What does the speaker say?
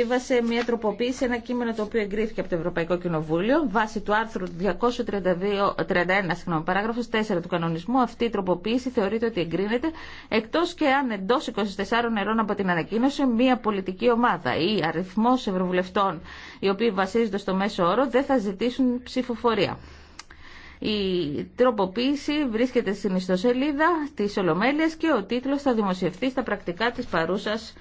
κατέβασε μια τροποποίηση, ένα κείμενο το οποίο εγκρίθηκε από το Ευρωπαϊκό Κοινοβούλιο. Βάσει του άρθρου 231, συγγνώμη, παράγραφος 4 του κανονισμού, αυτή η τροποποίηση θεωρείται ότι εγκρίνεται, εκτός και αν εντό 24 ερών από την ανακοίνωση, μια πολιτική ομάδα ή αριθμός ευρωβουλευτών, οι οποίοι βασίζονται στο μέσο όρο, δεν θα ζητήσουν ψηφοφορία. Η τροποποίηση βρίσκεται στην ιστοσελίδα της Ολομέλειας και ο τίτλος θα δημοσιευθεί στα πρακτικά της παρούσας